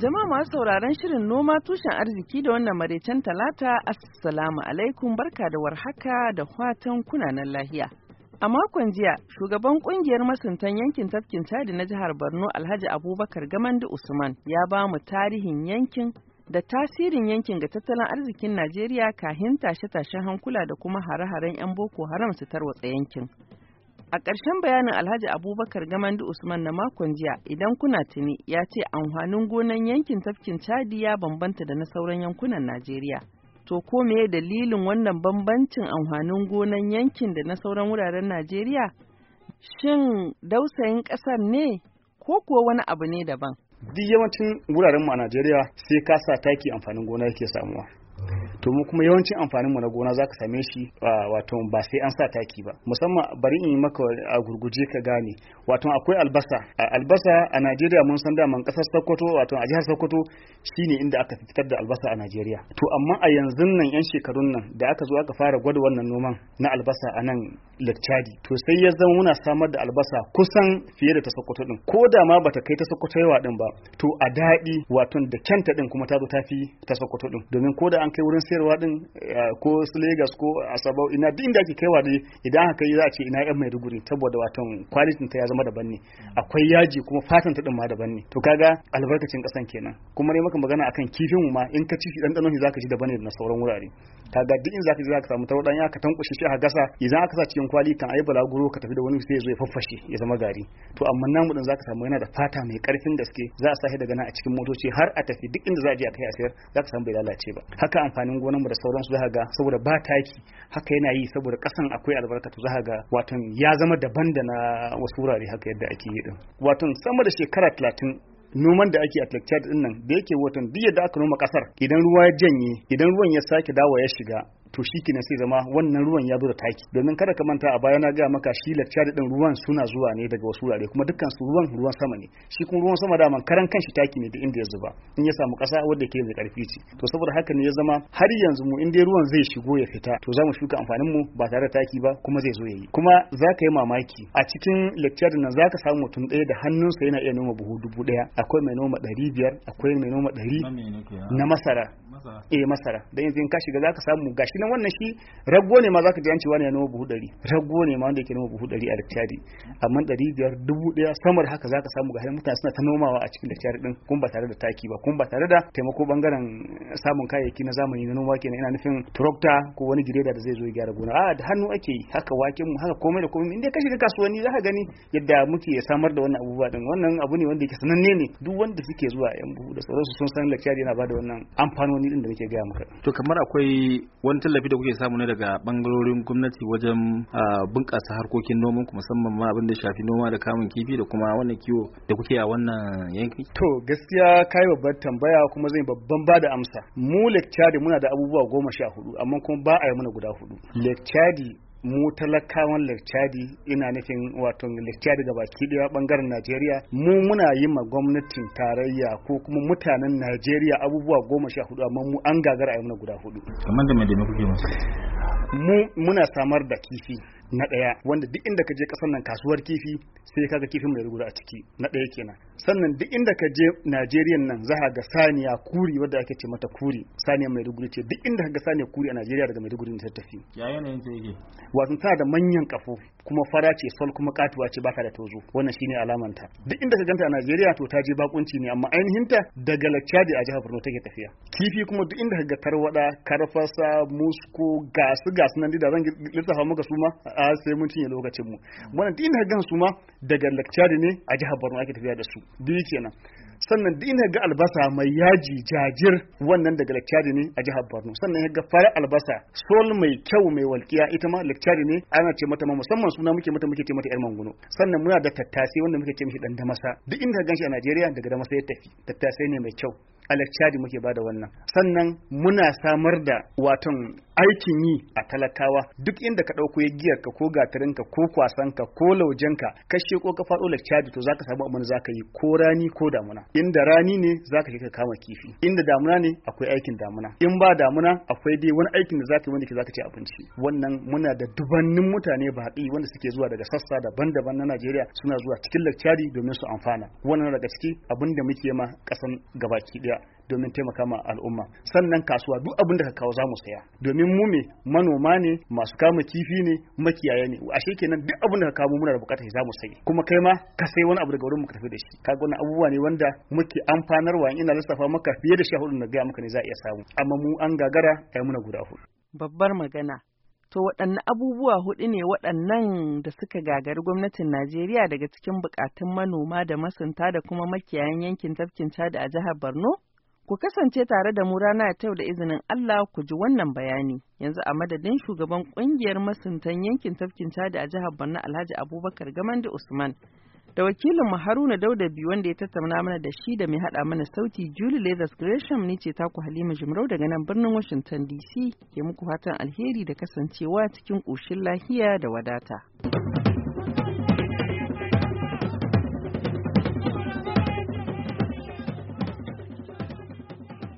Jama'a masu sauraron shirin noma tushen arziki da wannan maraicen talata assalamu alaikum barka da warhaka da fatan kunanan lahiya. A makon jiya, shugaban kungiyar masuntan yankin tafkin Chadi na jihar Borno Alhaji Abubakar Gamandu Usman ya ba mu tarihin yankin da tasirin yankin ga tattalin arzikin Najeriya kahin tashe-tashen hankula da kuma hare-haren 'yan Boko Haram su tarwatsa yankin. A ƙarshen bayanin Alhaji Abubakar Gamandu Usman na makon jiya idan kuna tuni ya ce amfanin gonan yankin tafkin Chadi ya bambanta da na sauran yankunan Najeriya. To ko meye dalilin wannan bambancin amfanin gonan yankin da na sauran wuraren Najeriya? Shin dausayin ƙasar ne ko kuwa wani abu ne daban? Duk yawancin wuraren mu a Najeriya sai kasa taki amfanin gona yake samuwa. to mu kuma yawancin amfanin mu na gona zaka same shi wato ba sai an sa taki ba musamman bari in yi maka a gurguje ka gane wato akwai albasa albasa a Najeriya mun san da daman kasar Sokoto wato a jihar Sokoto shine inda aka fitar da albasa a Najeriya to amma a yanzu nan yan shekarun nan da aka zo aka fara gwada wannan noman na albasa a nan Lakchadi to sai ya zama muna samar da albasa kusan fiye da ta Sokoto din ko da ma bata kai ta Sokoto yawa din ba to a daɗi wato da kyanta din kuma ta zo ta fi ta Sokoto din domin ko da an kai wurin sayarwa din eh, ko su Lagos ko Asaba ina duk inda ake kaiwa dai idan aka yi za a ce ina yan Maiduguri saboda watan kwalitin ta ya zama daban ne akwai yaji kuma fatan ta din ma daban ne to kaga albarkacin kasan kenan kuma ne maka magana akan kifin mu ma in ka ci shi dandanon shi zaka ji daban ne da sauran wurare kaga duk in zaka ji zaka samu tarwadan ya ka tankushe shi a gasa idan aka sa cikin kwali kan ayi balaguro ka tafi da wani sai ya zo ya faffashe ya zama gari to amma namu din zaka samu yana da fata mai karfin gaske za a sahi daga nan a cikin motoci har a tafi duk inda za a je a kai a sayar zaka samu bai lalace ba haka amfanin gonan mu da sauransu zaka ga saboda ba taki haka yana yi saboda kasan akwai albarka to zaka ga watan ya zama daban da na wasu wurare haka yadda ake yi din watan sama da shekara 30 noman da ake a Tlekchad din nan da yake watan duk da aka noma kasar idan ruwa ya janye idan ruwan ya sake dawo ya shiga to shi kenan sai zama wannan ruwan ya zo da taki domin kada ka manta a baya na ga maka shi lacca din ruwan suna zuwa ne daga wasu wurare kuma dukkan su ruwan ruwan sama ne shi kuma ruwan sama da daman karan kanshi taki ne da inda ya zuba in ya samu kasa wanda ke mai karfi ce to saboda haka ne ya zama har yanzu mu in dai ruwan zai shigo ya fita to za shuka amfanin mu ba tare da taki ba kuma zai zo yayi kuma za ka yi mamaki a cikin lecture nan za ka samu mutum ɗaya da hannunsa yana iya noma buhu dubu ɗaya akwai mai noma ɗari biyar akwai mai noma ɗari na masara eh masara da yanzu in ka shiga zaka samu gashi nan wannan shi rago ne ma zaka ji an ce wani ya noma buhu ɗari rago ne ma wanda yake noma buhu ɗari a littari amma ɗari biyar dubu ɗaya samar haka zaka samu ga mutane suna ta nomawa a cikin littari ɗin kun ba tare da taki ba kun ba tare da taimako bangaren samun kayayyaki na zamani na noma kenan ina nufin trokta ko wani gireda da zai zo ya gyara gona a da hannu ake yi haka waken mu haka komai da komai inda ka shiga kasuwanni zaka gani yadda muke samar da wannan abubuwa ɗin wannan abu ne wanda yake sananne ne duk wanda suke zuwa yan buhu da sauransu sun san littari yana bada wannan amfanoni matsaloli din da nake gaya maka to kamar akwai wani tallafi da kuke samu ne daga bangarorin gwamnati wajen bunƙasa harkokin noman ku musamman ma abin da shafi noma da kamun kifi da kuma wannan kiwo da kuke a wannan yanki to gaskiya kai babbar tambaya kuma zan babban ba da amsa mu lecture muna da abubuwa goma sha hudu amma kuma ba a yi mana guda hudu lecture mu talakawan lakcadi ina nufin wato lakcadi da baki daya bangaren najeriya mu muna yi ma gwamnatin tarayya ko kuma mutanen najeriya abubuwa goma sha hudu amma mu an gagara a yi guda hudu kamar da kuke musu mu muna samar da kifi na ɗaya wanda duk inda ka je ƙasar nan kasuwar kifi sai ka ga kifin mai rubuta a ciki na ɗaya kenan sannan duk inda ka je Najeriya nan za ga saniya kuri wadda ake ce mata kuri saniya mai ruguri ce duk inda ka ga saniya kuri a Najeriya daga mai ruguri ne ta tafi ya yanayin ta yake Wasu tana da manyan kafu kuma fara ce sol kuma katuwa ce baka da tozo wannan shine alamanta duk inda ka ganta a Najeriya to ta je bakunci ne amma ainihin ta daga lacadi a jihar Borno take tafiya kifi kuma duk inda ka ga tarwada karfasa musko gasu gasu nan da zan lissafa maka su ma har sai mun cinye lokacin mu wannan duk inda gan su ma daga lakcari ne a jihar Borno ake tafiya da su bi kenan sannan duk inda ga albasa mai yaji jajir wannan daga lakcari ne a jihar Borno sannan ga fara albasa sol mai kyau mai walkiya ita ma lakcari ne ana ce mata musamman suna muke mata muke ce mata yar manguno sannan muna da tattasai wanda muke ce mishi dan damasa duk inda gan shi a Najeriya daga masa ya tafi tattasai ne mai kyau a lakcari muke bada wannan sannan muna samar da waton aikin yi a talakawa duk inda ka ɗauko ya giyar ka ko gatarinka ko kwasanka ko laujenka ka sheko ka faɗo lakciyadi to zaka samu abin zaka yi ko rani ko damuna inda rani ne zaka je ka kama kifi inda damuna ne akwai aikin damuna in ba damuna akwai dai wani aikin da zaka yi wanda ke zaka ci abinci wannan muna da dubannin mutane baƙi wanda suke zuwa daga sassa daban-daban na Najeriya suna zuwa cikin lakciyadi domin su amfana wannan daga ciki abin da muke ma ƙasan gabaki daya domin taimaka ma al'umma sannan kasuwa duk abin da ka kawo zamu saya domin mu me manoma ne masu kama kifi ne makiyaya ne ashe kenan duk abin da ka kawo muna da bukatar zamu sayi kuma kai ma ka sai wani abu daga wurin mu ka tafi da shi kaga wannan abubuwa ne wanda muke amfanarwa ina lissafa maka fiye da sha da ga gaya maka ne za a iya samu amma mu an gagara ai muna guda hudu babbar magana To waɗanne abubuwa hudu ne waɗannan da suka gagari gwamnatin Najeriya daga cikin buƙatun manoma da masunta da kuma makiyayan yankin tafkin Chad a jihar Borno? Ku kasance tare da mu rana ta yau da izinin Allah ku ji wannan bayani. Yanzu a madadin shugaban kungiyar masuntan yankin tafkin Chadi a jihar Borno Alhaji Abubakar Gamandi Usman. Da wakilin mu Haruna Dauda biyu wanda ya tattauna mana da shi da mai haɗa mana sauti Julie Leathers Gresham ne ce ta ku Halima Jumrau daga nan birnin Washington DC ke muku fatan alheri da kasancewa cikin koshin lahiya da wadata.